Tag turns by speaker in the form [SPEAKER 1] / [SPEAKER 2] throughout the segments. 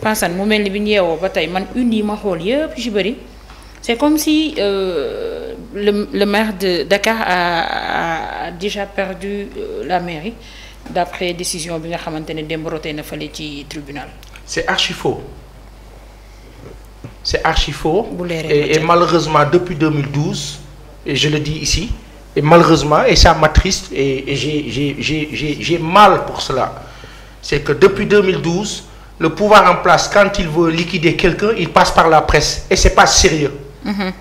[SPEAKER 1] Pansane mu mel ni bi ñu ba tey man une yi ma xool yëpp ci bëri c'est comme si euh, le le maire de Dakar a, a déjà perdu euh, la mairie d'après décision bi nga xamante ne démb na fale ci tribunal.
[SPEAKER 2] c'est archi faux c'est archi faux. bu et, et malheureusement depuis 2012 et je le dis ici et malheureusement et ça m'attriste et, et j'ai j'ai j'ai j'ai mal pour cela c'est que depuis le pouvoir en place quand il veut liquider quelqu'un il passe par la presse et c'est pas sérieux mm -hmm.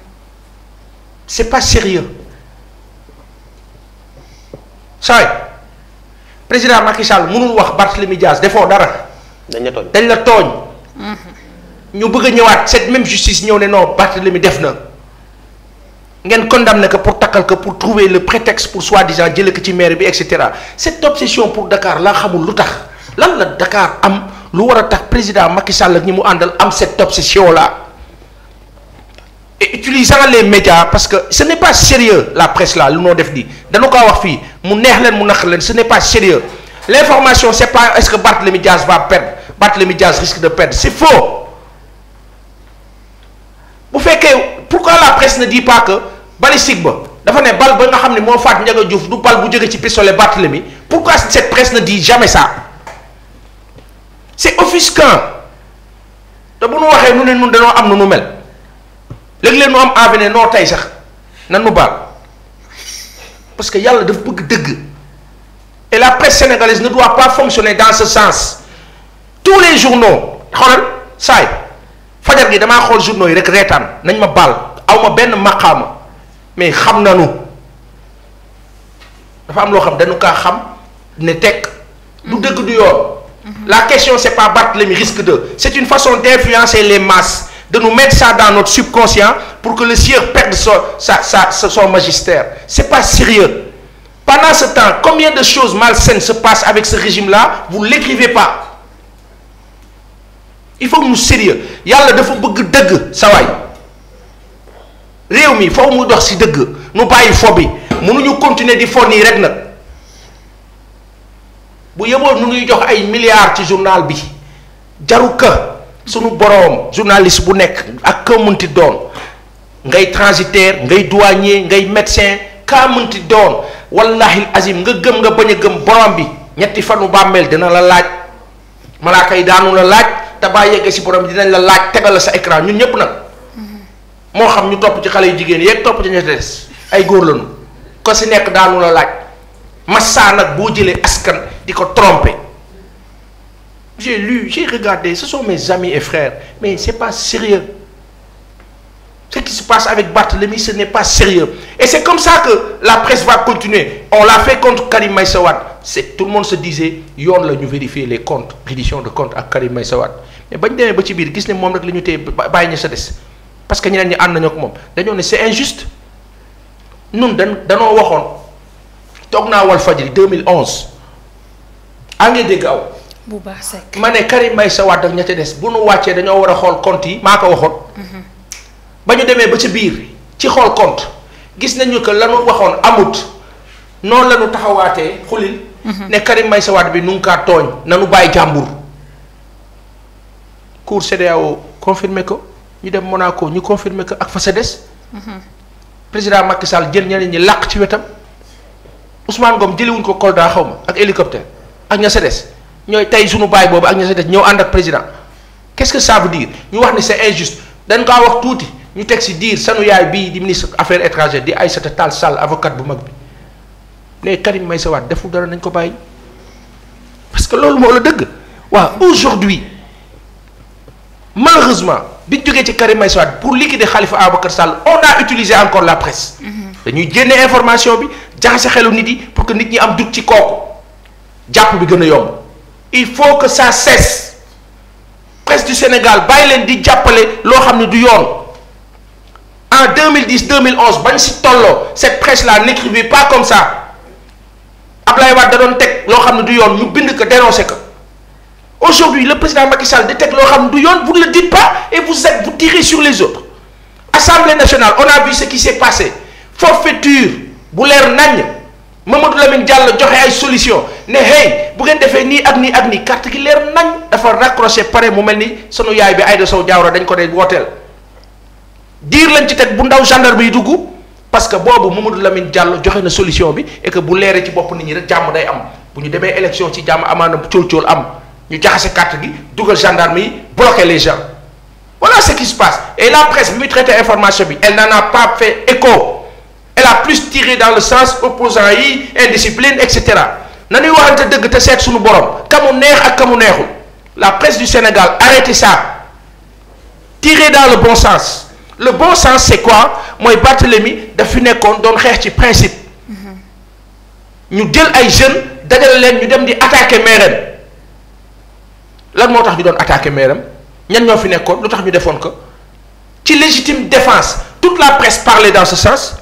[SPEAKER 2] c'est pas sérieux saay président Macky Sall wax Barthélemy Dias defoo dara dañ la tooñ mm-hmm. ñu bëgg a ñëwaat cette même justice ñëw ne non Barthélemy def na ngeen condamné que pour takkal ko pour trouver le prétexte pour soi-disant jële ko ci maire bi et cetera cette obsession pour Dakar laa xamul lu tax lan la Dakar am lu war a tax président Macky Sall ak ñi mu àndal am cette obsession là et utilisant les médias parce que ce n'est pas sérieux la presse là lu noo def di dañu ko wax fii mu neex leen mu naq leen ce n'est pas sérieux l'information c'est pas est-ce que Barthélémy Diaz va perdre Barthélémy Diaz risque de perdre c'est faux bu fekkee pourquoi la presse ne dit pas que balistique ba dafa ne bal ba nga xam ne moo faat Ndiaga Diouf du bal bu jóge ci pistolet Barthélémy pourquoi cette presse ne dit jamais ça c'est offusquant te bu nu waxee nu ne nun dañoo am nu nu mel léeg leen nu am avenir noo tey sax nan nu baal parce que yàlla dafa bëgg dëgg et la presse sénégalaise ne doit pas fonctionner dans ce sens tous les journaux xoolal saay fajar gi damaa xool journaux yi rek reetaan nañ ma baal aw ma benn maqaama mais xam na nu dafa am loo xam dañu kaa xam ne tekk du dëgg du yoon La question, c'est pas Barthélemy risque de. C'est une façon d'influencer les masses, de nous mettre ça dans notre subconscient pour que le sieur perde son, sa, sa, son magistère. C'est pas sérieux. Pendant ce temps, combien de choses malsaines se passent avec ce régime-là Vous ne l'écrivez pas. Il faut que nous sérieux. Yàlla dafa bëgg dëgg sa waay réew mi foofu mu dox si dëgg nu bàyyi fo bi mënuñu continuer de fo nii rek na bu yeboon nu ngi jox ay milliards ci journal bi jaru ka sunu boroom journaliste bu nekk ak ka doon ngay transitaire ngay douanier ngay médecin kaa munti doon wallahi azim nga gëm nga bañ a gëm borom bi ñetti fanu bàmmeel dina la laaj malaaka yi daanu la laaj te baa yeggee si borom bi dinañ la laaj tegal la sa écran ñun ñépp nag
[SPEAKER 3] mm-hmm.
[SPEAKER 2] moo xam ñu topp ci xale yu jigéen yeeg topp ci ñetti ay góor lañu ko si nekk daanu la laaj massa nag boo jëlee askan di ko tromper j'ai lu j'ai regardé ce sont mes amis et frères mais c'est pas sérieux ce qui se passe avec Barthélemy ce n'est pas sérieux et c'est comme ça que la presse va continuer on l'a fait contre Karim Meïssa Wade c'est tout le monde se disait yoon la ñu vérifier les comptes reddition de comptes ak Karim Meïssa Wade mais bañ demee ba ci biir gis ne moom rek la ñu téye bàyyi ñu sa des parce que ñeneen ñi ànd nañu ak moom dañoo ne c'est injuste ñun dañ danoo waxoon toog naa Walfadjri 2011 aa ngi dégg aw.
[SPEAKER 3] bu baax sekk
[SPEAKER 2] ma ne Karim Meïssa Wade ak ña ca des bu nu wàccee dañoo war a xool compte yi. maa ko waxoon. Mhm. ba ñu demee ba ci biir ci xool compte gis nañu que lanu waxoon amut noonu la ñu taxawaatee xulil. Mhm. ne Karim Meïssa Wade bi nu ngi tooñ. na nu bàyyi jàmbur. Cour CEDEAO confirmé ko ñu dem Monaco ñu confirmé ko ak fa sa des. Mhm. président Macky Sall jël ñeneen ñi làq ci wetam Ousmane Ngom jëliwuñ ko Kolda xaw ma ak hélicoptère. ak ña sa des ñooy tey suñu baay boobu ak ña sa des ñëw ànd ak président qu'est-ce que ça veut ñu wax ni c'est injuste dañ kaa wax tuuti ñu teg si diir sanu yaay bii di ministre affaires étrangères di Aïssata Tall Sall avocat bu mag bi ne Karim Meïssa Wade deful dara nañ ko bàyyi parce que loolu moo la dëgg waaw aujourd'hui malheureusement bi ñu jógee ci Karim Meïssa Wade pour liquider Khalifa Ababacar Sall on a utilisé encore la presse. Mm-hmm. dañuy génne information bi jaxase xelu nit yi pour que nit ñi am dugg ci kooku. jàpp bi gën a yomb il faut que ça cesse presse du Sénégal bàyyi leen di jàppale loo xam ne du yoon en 2010 2011 bañ si tolloo cette presse là n'écrivait pas comme ça Ablaye Wade da doon teg loo xam ne du yoon ñu bind ko dénoncé ko aujourd'hui le président Macky Sall di teg loo xam ne du yoon vous ne le dites pas et vous êtes vous tirez sur les autres Assemblée nationale on a vu ce qui s'est passé forfaiture bu leer nañ. Mamadou Lamine Diallo joxe ay solution ne hey bu ngeen defee nii ak nii ak nii carte gi leer nañ dafa raccroché pare mu mel ni sunu yaay bi Aïda Sow Diawara dañ ko dee wooteel diir lañ ci teg bu ndaw gendarme yi dugg parce que boobu Mamadou Lamine Diallo joxe na solution bi et bu leeree ci bopp nit ñi rek jàmm day am bu ñu demee élection ci jàmm amaana cóol-cóol am ñu jaxase carte gi dugal gendarme yi bloqué les gens voilà ce qui se passe et la presse bi muy traité bi elle n'en a pas fait elle a plus tiré dans le sens opposant yi indiscipline et cetera nañuy waxante dëgg te seet suñu borom ka neex ak ka mu neexul la presse du Sénégal arrêtez ça tirez dans le bon sens le bon sens c'est quoi mooy Barthélemy daf fi nekkoon doon xeex ci principe
[SPEAKER 3] mm-hmm.
[SPEAKER 2] ñu jël ay jeunes dajale leen ñu dem di attaquer meeram lan moo tax ñu doon attaquer meeram ñen ñoo fi nekkoon lu tax ñu defoon ko ci légitime défense tout la presse parlait dans ce sens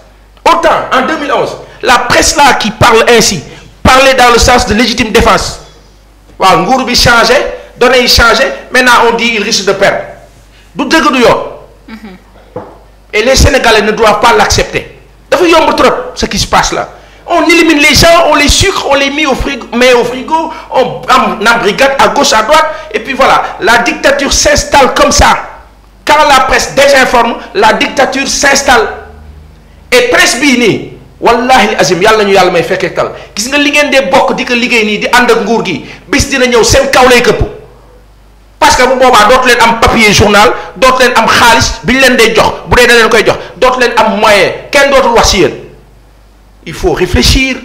[SPEAKER 2] Autant, en la presse là qui parle ainsi, parlait dans le sens de légitime défense. Waaw nguur bi changé, données yi changé, maintenant on dit il risque de perdre. Du dëgg du yoon. Mhm. Et les Sénégalais ne doivent pas l'accepter. Dafa yomb ce qui se passe là. On élimine les gens, on les sucre, on les met au frigo, on embrigade à gauche, à droite, et voilà, la dictature s'installe comme ça. Quand la presse désinforme, la dictature s'installe. et presse bii nii wallahi azim yàlla ñu yàlla may fekkee tal gis nga li ngeen dee bokk di ko liggéey nii di ànd ak nguur gi bis dina ñëw seen kaw lay këpp parce que bu boobaa dootu leen am papier journal dootu leen am xaalis bi ñu leen dee jox bu dee da leen koy jox dootu leen am moyen kenn dootul wax si yéen il faut réfléchir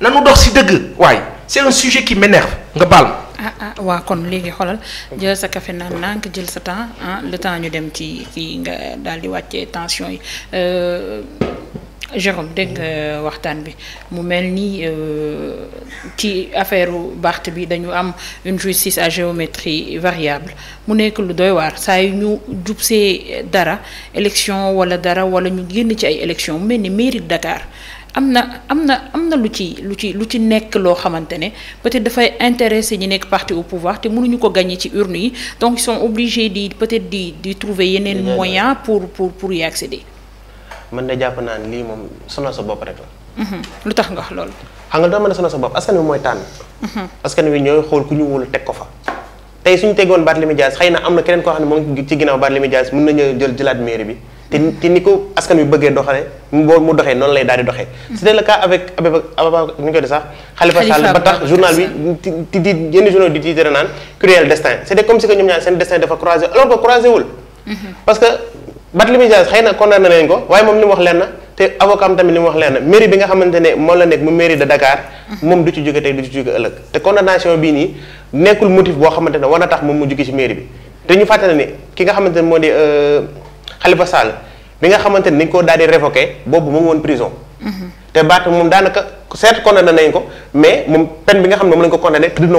[SPEAKER 2] nanu dox si dëgg waaye c'est un sujet qui m'énerve nga baal ma
[SPEAKER 1] ah ah waa kon léegi xolal jël sa kafe naan nànk jël sa temps ah le temps ñu dem ci kii nga daal di wàccee tension yi euh, Jérôme dégg nga waxtaan bi mu mel ni euh, ci affaire Barth bi dañu am une justice à géométrie variable mu nekk lu doy waar saa yu ñu jubsee dara élection wala dara wala ñu génn ci ay élection mu mel ni mairie Dakar am na am na am na lu ci lu ci lu ci nekk loo xamante ne peut-être dafay intéresser ñi nekk parti au pouvoir te mënuñu ko gagner ci urne yi donc son sont obligés di peut-être di di trouver yeneen moyen pour pour pour y accéder.
[SPEAKER 4] man de jàpp naa lii moom sonal sa bopp rek mhm. tax nga wax loolu. xam nga doo mën a sonal sa bopp askan wi mooy tànn. Mhm. askan wi ñooy xool ku ñu wóolu teg ko fa. tey suñu tegoon Barthélémy Dias xëy na am na keneen koo xam ne moom ci ginnaaw Barthélémy Dias mën nañu jël jëlaat mairie bi. te te ni ko askan wi bëggee doxale boo mu doxee noonu lay daal di doxee. Hmm. c'était le cas avec Ababacar nu ñu koy di sax. Khalifa Sall ba tax journal bi ti ti yenn journaux di titre naan cruel destin c'était comme si que ñoom ñaar seen destin dafa croisé alors que croisé wul. Hmm. parce que Barthélémy Dias xëy na condamné ko waaye moom li mu wax lenn te avocat tamit li mu wax lenn mairie bi nga xamante ne moom la nekk mu mairie de Dakar. Hmm. moom du ci jóge Khalifa Sall bi nga xamante ni dañ koo daal di révoqué boobu mu ngi woon prison. Mhm. te Barth moom daanaka certes condamné nañ ko mais moom peine bi nga xam ne moom lañ ko condamné tudd la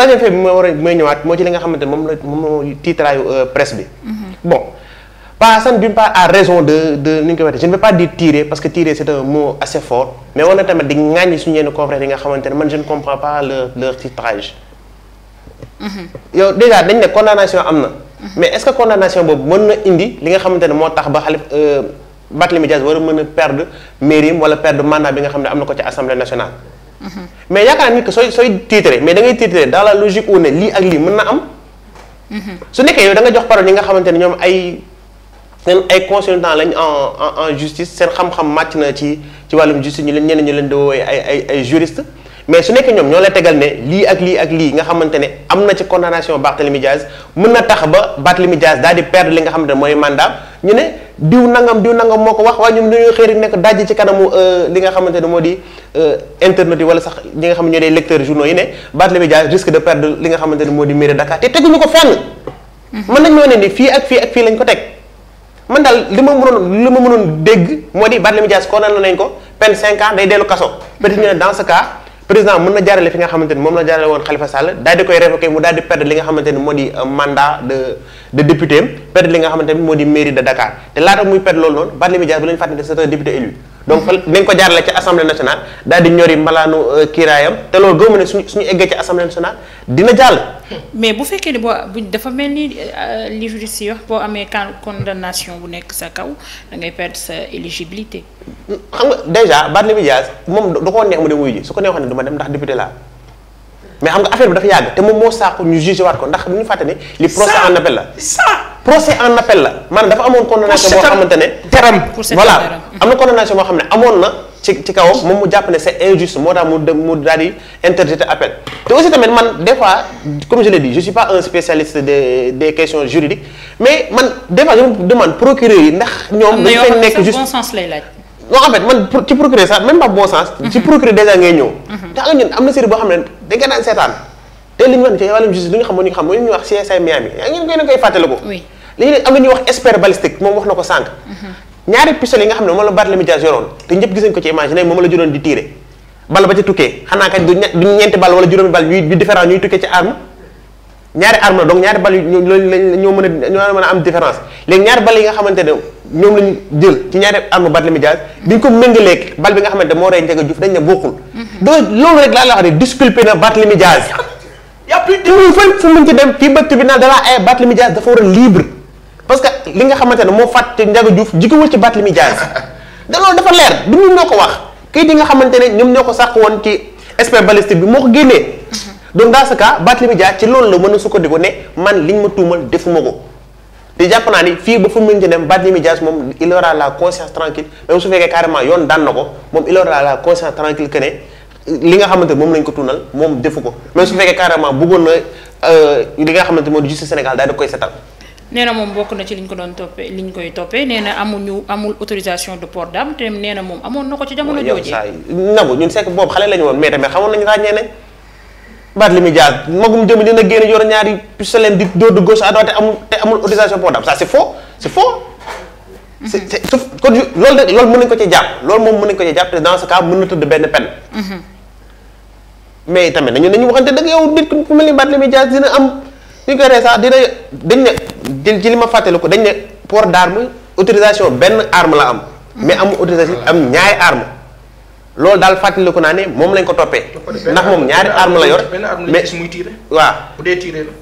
[SPEAKER 4] a may ñëwaat li nga xamante moom la moom tiitraayu euh, bi. Mhm. bon Pa Assane d'une part a raison de de ni ñu koy waxee je ne vais pas dire tirer parce que tirer c'est un mot assez fort mais war na tamit di ŋàññi suñu yenn confrères yi nga xamante ne man je ne comprends pas leur leur titrage. yow déjà dañ ne condamnation am na. mais est-ce que condamnation boobu mën na indi li nga xamante ne moo tax ba xalif euh, Barthélémy Dias war a mën a perdre mairie wala perdre mandat bi nga xam ne am na ko ci assemblée nationale. mais yaakaar naa ni que sooy sooy tiitre mais da ngay tiitre dans la logique où ne lii ak lii mën na am. su nekkee yow da nga jox parole li nga xamante ne ñoom ay seen ay consultants lañ en en en justice seen xam-xam màcc na ci ci wàllum justice ñu leen ñeneen ñu leen di woowee ay ay ay juristes. mais su nekkee ñoom ñoo la tegal ne lii ak lii ak lii nga xamante ne am na ci condamnation Barthélemy Diaz mën na tax ba Barthélemy Diaz daal di perdre li nga xamante ne mooy mandat ñu ne diw nangam nangam moo ko wax waaye ñun dañoo xëy rek nekk kanamu euh, li nga xamante ne moo di euh, internet yi wala sax ñi nga xam ne ñoo dee lecteurs journaux yi ne Barthélemy Diaz risque de perdre li nga xamante ne moo di mairie Dakar te teguñu ko fenn. Mhm. mën nañu ne ni fii ak fii ak fii lañ ko teg mën daal li ma mënoon li ma mënoon dégg moo di Barthélemy Diaz condamné nañ ko peine 5 ans day dellu kaso. peut-être ñu ne dans ce président mën na jaarale fi nga xamante ni moom la jaarale woon Khalifa Sall daal di koy révoqué mu daal di perdre li nga xamante ni moo di euh, mandat de de député li nga xamante ni moo di mairie de Dakar te laata muy perdre loolu noonu Barthélémy Dias bu leen fàttali ne c'est un député élu donc fa nañ ko jaarale ci assemblée nationale daal di ñori mbalaanu euh, kiiraayam te loolu gëmu ne suñu suñu eggee ci assemblée nationale
[SPEAKER 1] dina jàll. mais bu fekkee ni boo bu dafa mel ni euh, li juriste yi wax boo amee condamnation bu nekk sa kaw da ngay perdre sa éligibilité. xam
[SPEAKER 4] nga déjà Barthélémy Dias moom du ko neex mu dem wuyu ji su ko neexoon ne du dem ndax député laa. mais xam nga affaire bi dafa yàgg te moom moo saako ñu jugé waat ko ndax mu ñu fàtte ni. li procès en appel la ça. procès en appel la maanaam dafa amoon condamnation boo xamante ne teram voilà am na condamnation boo xam ne amoon na ci ci kawam moom mu jàpp ne injuste moo tax mu mu daal appel te aussi tamit man des comme je l'ai dit je suis pas un spécialiste des des questions juridiques mais man des je me demande procureur yi ndax ñoom dañ fay nekk juste bon sens lay laaj non en mhm. mhm. am na série boo xam ne da daan seetaan te li ñu wax ni ci wàllum justice dañu ne am na ñuy wax expert balistique moom wax na ko sànq. ñaari pistolet yi nga xam ne moom la Barthélémy Dias yoroon te ñëpp gis ko ci image ne moom la juróon di tiire bal ba ci tukkee xanaa kañ du ñeenti bal wala juróomi bal yu a différence léegi ñaari jël ci ñaari arme Barthélémy Dias bi ñu ko méngaleeg bal bi nga xamante moo rey Ndiaga Diouf dañ ne bokkul mhm. donc loolu rek laa la wax ne disculpé na Barthélémy Dias yàpp fan fu mu ci dem fii ba tribunal de la parce que li nga xamante ne moo fàtte Ndiaga Diouf jikkiwul ci Barthélémy Dias da loolu dafa leer du ñu ñoo ko wax kayit yi nga xamante ne ñoom ñoo ko sàq woon ci expert balistique bi moo ko génnee donc dans ce cas Barthélémy ci loolu la mën a sukkandiku ne man liñ ma tuumal defuma ko te naa ni fii ba fu mu mën ci dem Barthélémy moom il la conscience tranquille même su yoon daan na ko moom il aura la conscience tranquille que ne li nga xamante moom lañ ko tuunal moom defu ko même su fekkee carrément bëggoon na euh, li nga xamante moom di justice Sénégal daal di koy setal
[SPEAKER 1] nee na moom bokk na ci liñ ko doon toppee liñ koy toppee nee amuñu amul autorisation de port d'arme te nee moom amoon na ko ci jamono jooje.
[SPEAKER 4] nangu ñun sekk boobu xale ko ci jàpp loolu moom mën nañu na tëdd benn peine. Mhm. mais tamit nañu nañu waxante dëgg yow nit ku mel baat li jaar dina am. bi ñu koy rey dina dañ ne ci li ma fàttaliku dañ ne port d'arme autorisation benn arme la am. mais amul autorisation am ñaari arme loolu daal fàttaliku naa ne moom lañ ko toppee. ndax moom ñaari arme la yor.
[SPEAKER 2] mais muy tiire.
[SPEAKER 4] waaw bu dee tiire la.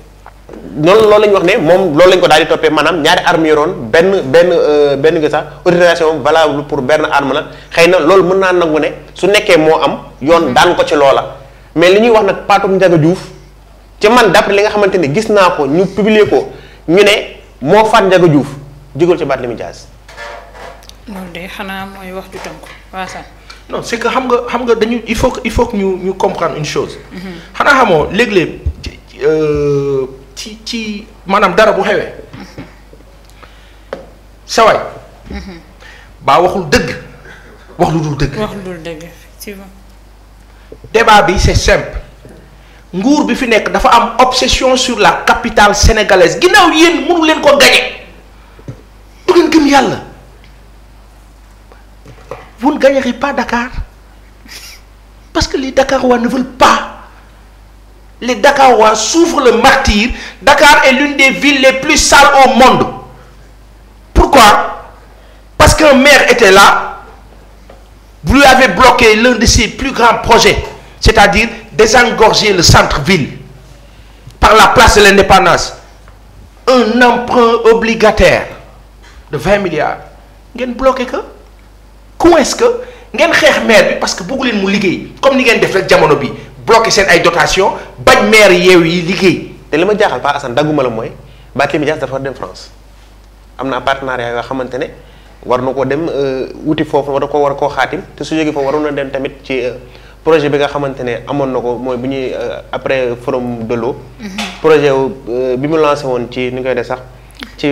[SPEAKER 4] noonu loolu lañu wax ne moom loolu lañ ko daal di toppee maanaam ñaari arme yoroon benn benn euh, benn gi sax autorisation valable pour benn arme la xëy na loolu mën naa nangu ne su nekkee moo am yoon hmm. daan ko ci loola mais li ñuy wax nag paatum Ndiaga ci man d'après li nga xamante ne gis naa ko ñu publier ko ñu ne moo faat Ndiaga Diouf jógal ci Barthélémy Dias.
[SPEAKER 1] loolu de xanaa mooy wax ju tënk waa sax.
[SPEAKER 2] non c'est que xam nga xam nga dañu il faut que il ñu ñu comprendre une chose. xanaa xamoo léeg euh, ci ci maanaam dara bu xewee. sawaay. baa waxul dëgg. wax lu dul dëgg.
[SPEAKER 1] wax lu dul dëgg
[SPEAKER 2] débat bi c'est simple. nguur bi fi nekk dafa am obsession sur la capitale sénégalaise ginnaaw yéen mënu leen ko gañe du ngeen yàlla vous ne gagnerez pas Dakar parce que les Dakarois ne veulent pas les Dakarois souffrent le martyre Dakar est l'une des villes les plus sales au monde pourquoi parce qu'un maire était là vous avez bloqué l'un de ses plus grands projets c'est-à-dire désengorger le centre-ville par la place de l'indépendance un emprunt obligataire de 20 milliards ngeen bloqué que comment est-ce que ngeen
[SPEAKER 4] xeex maire bi parce que bëggu leen mu liggéey comme ni ngeen def rek jamono bi bloqué seen ay dotation bañ maire yeew yi liggéey. te li ma jaaxal Paa Assane dagguma la mooy Barthélémy Dias dafa dem France am naa partenariat yoo xamante ne war na ko dem euh, wuti foofu war ko war koo xaatim te su jógee foofu dem tamit ci. Euh, projet bi nga xamante ne amoon na ko mooy bu ñuy euh, après forum de l'eau mhm. projet euh, bi mu lancé woon ci ni koy def sax ci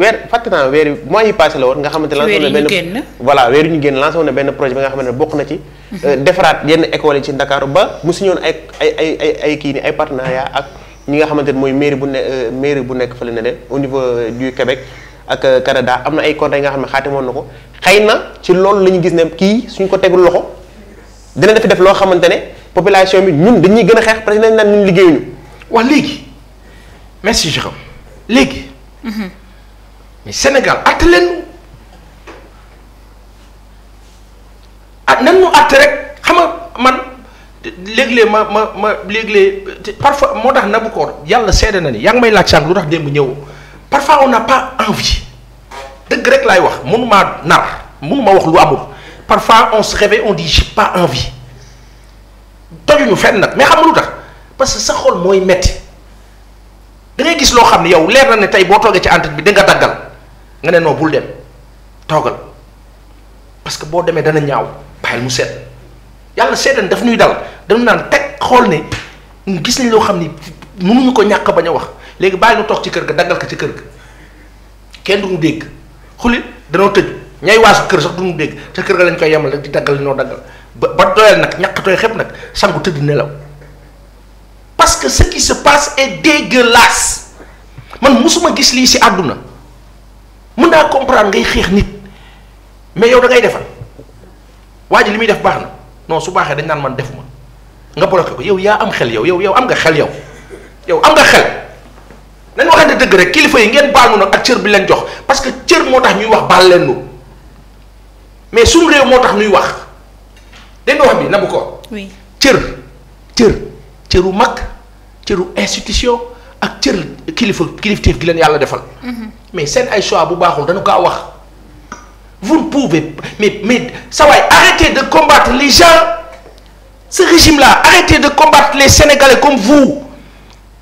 [SPEAKER 4] weer fàtte naa weer mois yi passé la woon nga xamante ne woon na benn voilà weer ñu génn lancé woon na benn projet bi nga xamante ne bokk na ci mhm. euh, defaraat yenn école yi ci Ndakaaru ba mu signé woon ay ay ay kii ni ay partenariat ak ñi nga xamante ne mooy mairie bu ne mairie bu nekk fële ne de au niveau du Québec ak Canada am na ay contrat yi nga xam ne xaatimoon na ko xëy na ci loolu la ñu gis ne kii suñ ko tegul loxo dina def def loo xamante ne population bi ñun dañuy gën a xeex parce que dañ naan ñun liggéeyuñu. wax léegi merci Jérôme léegi.
[SPEAKER 3] Mhm.
[SPEAKER 2] mais Sénégal àtte leen at ah, nan ñu àtte rek xam nga man léeg-léeg ma ma ma léeg-léeg parfois moo tax nabu koor yàlla seede na ni yaa may laaj sànq lu tax démb ñëw parfois on n'a pas envie dëgg rek laay wax mënu maa nar mënu wax lu amul. parfois on se réveille on dit j'ai pas envie tojuñu fet nag mais xam nga lu tax parce que sa xool mooy metti dangay gis loo xam ne yow leer na ne tey boo toogee ci entretien bi di nga daggal nga nee non bul dem toogal parce que boo demee dana ñaaw bàyyil mu seet yàlla seetaan daf ñuy dal dañu naan teg xool ne gis nañ loo xam ni mënuñu ko ñàkk bañ a wax léegi bàyyi nu toog ci kër gi daggal ko ci kër gi kenn du ñu dégg xuli danoo tëj. ñay waasu kër sax du duñu dégg te kër ga lañ koy yemal rek di daggal ñoo daggal ba ba doyal nag ñàkk tooy xëpp nag sangu tëdd nelaw parce que ce qui se passe est dégueulasse man musuma gis lii si àdduna mën naa comprendre ngay xeex nit mais yow da ngay defal waa ji li muy def baax na non su baaxee dañ daan man defuma nga bloqué ko yow yaa am xel yow yow yow am nga xel yow yow am nga xel nañ waxante dëgg rek kilifa yi ngeen baal nu nag ak cër bi leen jox parce que cër moo tax ñuy wax baal leen nu mais suñu réew moo tax nuy wax dégg nga wax bi nabu ko. oui cër cër cëru mag cëru institution ak cër kilifa kilifteef gi leen yàlla defal. Mm-hmm. mais seen ay choix bu baaxul dañu kaa wax. vous ne pouvez mais mais saa waay de combattre le gens ce régime là arrêtez de combattre les sénégalais comme vous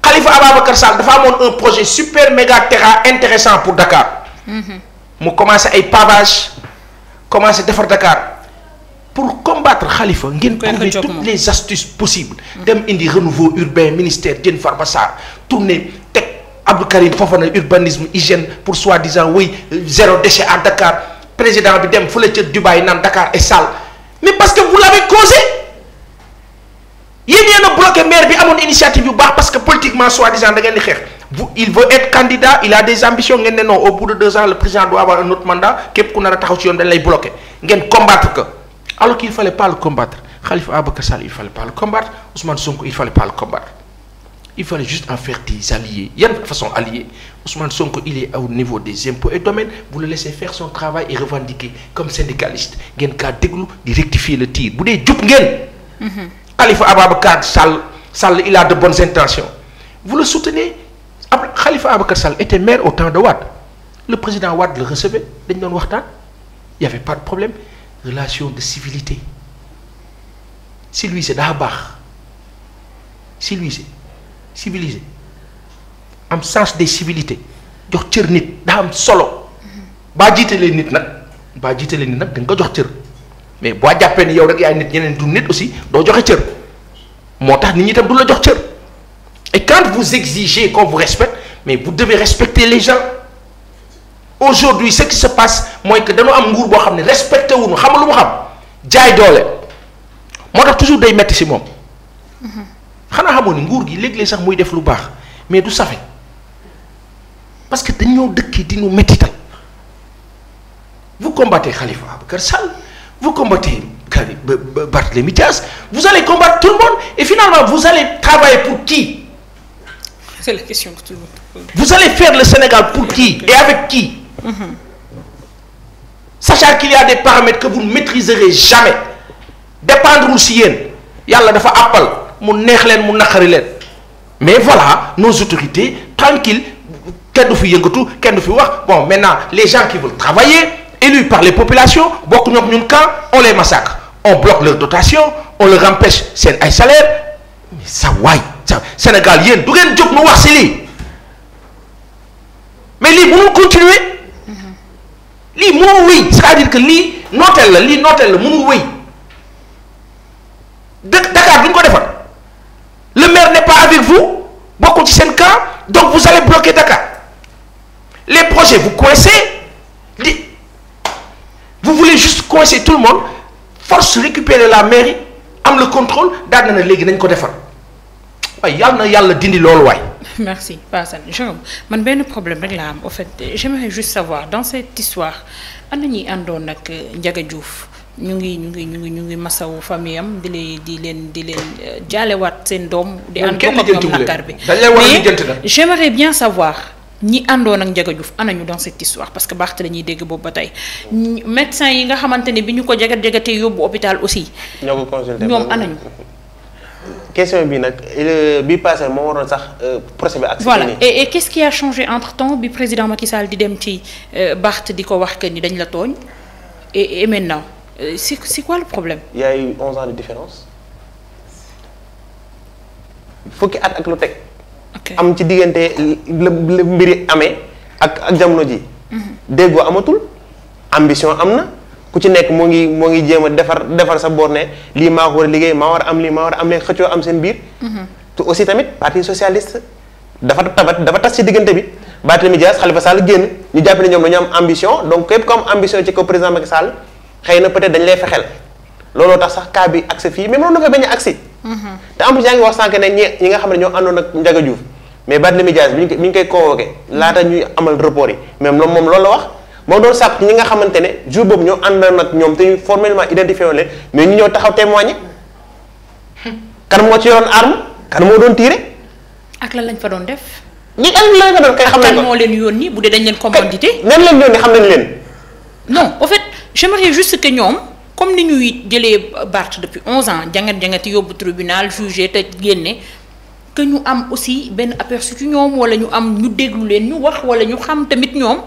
[SPEAKER 2] Khalifa Ababacar Sall dafa amoon un projet super méga terrain intéressant pour Dakar. Mm-hmm. mu mmh. commencé ay pavage commencé defar Dakar pour combattre Khalifa ngeen trouver toutes les astuces possibles mm. dem indi renouveau urbain ministère jën Farba Sarr tourner teg Abdou Karim Fofana urbanisme hygiène pour soi-disant oui zéro déchet à Dakar président bi dem fële ca Dubaï naan Dakar est sale mais parce que vous l'avez causé yéen yéen a bloqué maire bi amoon initiative yu baax parce que politiquement soi-disant da ngeen xeex bu il veut être candidat il a des ambitions ngeen ne non au bout de deux ans le président doit avoir un autre mandat képp ku nar a taxaw ci yoon dañ lay bloqué ngeen combattre que alors qu'il fallait pas le combattre Khalifa Ababacar Sall il fallait pas le combattre Ousmane Sonko il fallait pas le combattre il fallait juste en faire des alliés yan façon alliés Ousmane Sonko il est au niveau des impôts et domaines vous le laissez faire son travail et revendiquer comme syndicaliste ngeen kaa déglu di rectifier le mhm. Sall Sall il a de bonnes intentions vous le Khalifa Abacar Sall était maire au temps de Wade le président Wade le recevait dañ doon waxtaan y avait pas de problème relation de civilité civilisé daa baax civilisé civilisé am sens des civilités jox cër nit daa am solo baa leen nit nag baa jiitalee nit nag da nga ko jox cër mais boo jàppee ni yow rek yaay nit ñeneen du nit aussi doo joxe cër moo tax nit ñi tam du la jox cër et quand vous exigez qu'on vous respecte mais vous devez respecter les gens aujourd'hui ce qui se passe mooy que dañu am nguur boo xam ne respecté wuñu xam lu mu xam jaay doole moo tax toujours day metti ci moom xanaa xamoon ni nguur gi léeg-léeg sax muy def lu baax mais du safe parce que dañoo dëkk di ñu mettital vous combattez Khalifa Ababacar Sall vous combattez Barthélémy Dias vous allez combattre tout le monde et finalement vous allez travailler pour qui
[SPEAKER 1] C'est la question que tout le monde pose.
[SPEAKER 2] Vous allez faire le Sénégal pour qui et avec qui mm -hmm. Sachant qu'il y a des paramètres que vous ne maîtriserez jamais. Dépendre wu si yéen yàlla dafa appal mu neex leen mu naqari leen mais voilà nos autorités tranquilles kenn du fi yëngatu kenn du fi wax bon maintenant les gens qui veulent travailler élus par les populations bokk ñoom ñun camp on les massacre on bloque leur dotation on leur empêche seen ay salaire mais sa waay Sénégal yéen du ngeen jóg nu wax si lii mais lii mënul continuer lii mënul wéy c'est-à-dire que lii nooteel la lii nooteel la mënul wéy dëkk Dakar duñ ko defar le maire n'est pas avec vous bokkul ci seen camp donc vous allez bloquer Dakar les projets vous coincez li vous voulez juste coincer tout le monde force récupérer la mairie am le contrôle daal na ne léegi nañ ko defar waaye yal na yàlla dindi loolu waay.
[SPEAKER 1] merci Pa Assane Jérôme man benn problème rek laa am au fait j'aimerais juste savoir dans cette histoire am na ñuy àndoon ak euh, Ndiaga Diouf ñu ngi ñu ngi ñu ngi ñu ngi masawu famille am di leen di leen di leen euh, jaalewaat seen doom. di ànd bokk ak ñoom nakar bi mais j'aimerais bien savoir. ñi àndoon ak Ndiaga Diouf anañu dans cette histoire parce que baaxte la ñuy dégg boobu ba tey médecin yi nga xamante ne bi ñu ko jagat jagatee yóbbu hôpital aussi.
[SPEAKER 4] ñoo ko consulté ñoom anañu. question bi nag bi passé moo waroon sax euh, procès bi ak voilà et et
[SPEAKER 1] qu'est-ce qui a changé entre temps bi président Macky Sall di dem ci euh, Barth di ko wax que ni dañ la tooñ et et maintenant euh, quoi le problème.
[SPEAKER 4] Il y a eu onze ans de différence fukki at ak lu teg. am ci diggante la la mbiri amee ak ak jamono ji. Mhm. déggoo amatul ambition am na. ku ci nekk moo ngi moo ngi jéem a defar defar sa boor ne lii maa ko war a liggéey maa war a am lii maa war a am lee xëccoo am seen biir. Mhm. te aussi tamit parti socialiste dafa tabat dafa tas ci diggante bi. Barthélémy Dias Khalifa Sall génn ñu jàpp ne ñoom dañu am ambition donc képp ko am ambition ci kaw président Macky Sall xëy na peut-être lay fexel looloo tax sax cas bi accès fii mais mënoon na fa bañ a accès. Mhm. te en yaa ngi wax sànq ne ñi nga xam ne ñoo àndoon ak Ndiaga Diouf mais Barthélémy Dias bi laata ñuy amal report yi même moom loolu la wax. moo doon sàkk ñi nga xamante ne jour boobu ñoo àndoon ak ñoom te ñu formellement identifié woon leen mais ñu ñëw taxaw témoigner kan moo ci yoroon arme kan moo doon tiire.
[SPEAKER 1] ak lan lañ fa doon def. ñi lan lañ fa doon kay xam nañ ko kan moo leen yónni bu dee dañ leen commandité. nan leen xam nañ leen. non au fait j'aimerais juste que ñoom. comme ni ñuy jëlee Barth depuis 11 ans jangat jangati yóbbu tribunal jugé te génne que ñu am aussi benn aperçu ci ñoom wala ñu am ñu déglu leen ñu wax wala ñu xam tamit ñoom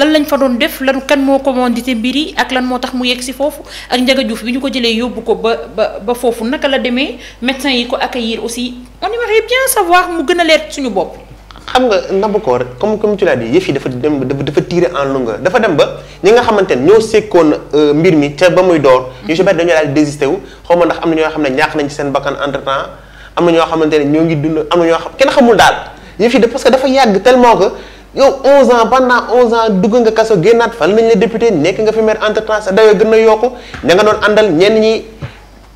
[SPEAKER 1] lan lañ fa doon def lan kan moo commandité mbir yi ak lan moo tax mu yegg si foofu ak Ndiaga Diouf bi ñu ko jëlee yóbbu ko ba ba ba foofu naka la demee médecin yi ko accueillir aussi on aimerait bien savoir mu gën a leer suñu bopp.
[SPEAKER 4] xam nga Ndabukor comme comme tu l'as dit yëf yi dafa dem dafa tiré en longueur dafa dem ba ñi nga xamante ne ñoo sekkoon euh, mbir mi te ba muy door. ñu si bari wu xaw ma ndax am na xam ne ñàkk nañ ci seen bakkan entre am na ñoo xamante ne ñoo ngi dund am na ñoo xam kenn xamul daal yëf yi de parce dafa yàgg tellement que yow 11 ans pendant 11 ans dugg nga kaso génnaat fal nañ la député nekk nga fi maire entre temps sa dayoo gën a yokku ña nga doon àndal ñenn ñi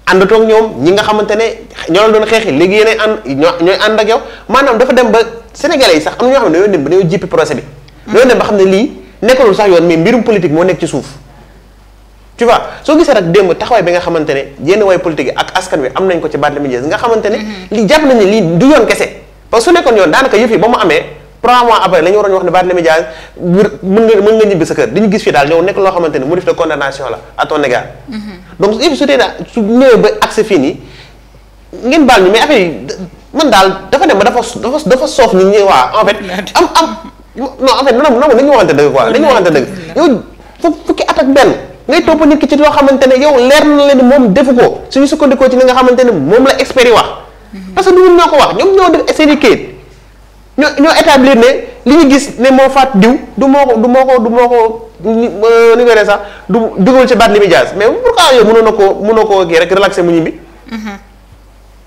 [SPEAKER 4] àndatoog ñoom ñi nga xamante ne ñoo la doon xeexi léegi yéen ànd ñooy ànd ak yow maanaam dafa dem ba sénégalais yi sax am na ñoo xam ne dañoo dem ba dañoo jippi procès bi. dañoo dem ba xam ne lii nekkalul sax yoon mais mbirum politique moo nekk ci suuf. tu vois soo gisee nag démb taxawaay bi nga xamante ne yenn way politique yi ak askan wi am nañ ko ci Barthélémy Dias nga xamante mhm. li jàpp nañ ne lii du yoon kese parce que su nekkoon yoon daanaka yëf yi ba mu amee trois mois après la ñu waroon wax ne Barthélémy Dias mën nga mën nga ñibbi sa kër dañu gis fii daal nekk loo xamante ne motif de condamnation la à ton mhm. donc yëf su dee su ñëwee ba accès fii nii ngeen baal ñu mais affaire yi man daal dafa dem ba ngay topp nit ki ci loo xamante ne yow leer na leen moom defu ko suñu sukkandikoo ci li nga xamante ne moom la expert yi wax. parce que ñun ñoo ko wax ñoom ñoo def seen i kayit ñoo ñoo établir ne li ñu gis ne moo faat diw du moo ko du moo ko du moo ko ni euh, nga sax du dugal ci baat li muy jaas mais pourquoi yow mënoon na koo mënoo koo kii rek relaxé mu ñibbi. Mm-hmm.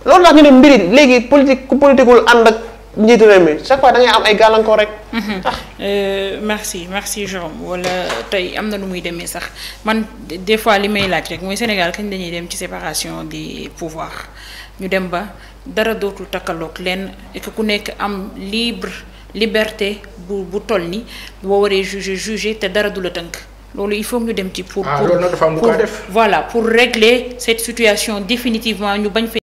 [SPEAKER 4] loolu tax ñu ne mbiri léegi politique ku politiqueul ànd ak. njiitu réew mi chaque fois da ngay am ay gàllankoor rek. Mhm.
[SPEAKER 1] Ah. Euh, merci merci Jérôme wala tey am na lu muy demee sax man des fois li may laaj rek mooy Sénégal kañ dañuy dem ci séparation des pouvoirs ñu dem ba dara dootul takkalook lenn et ku nekk am libre liberté bu bu toll ni boo waree juger juger te dara du la tënk. loolu il faut ñu dem ci. pour ah, pour, voilà pour régler cette situation définitivement ñu bañ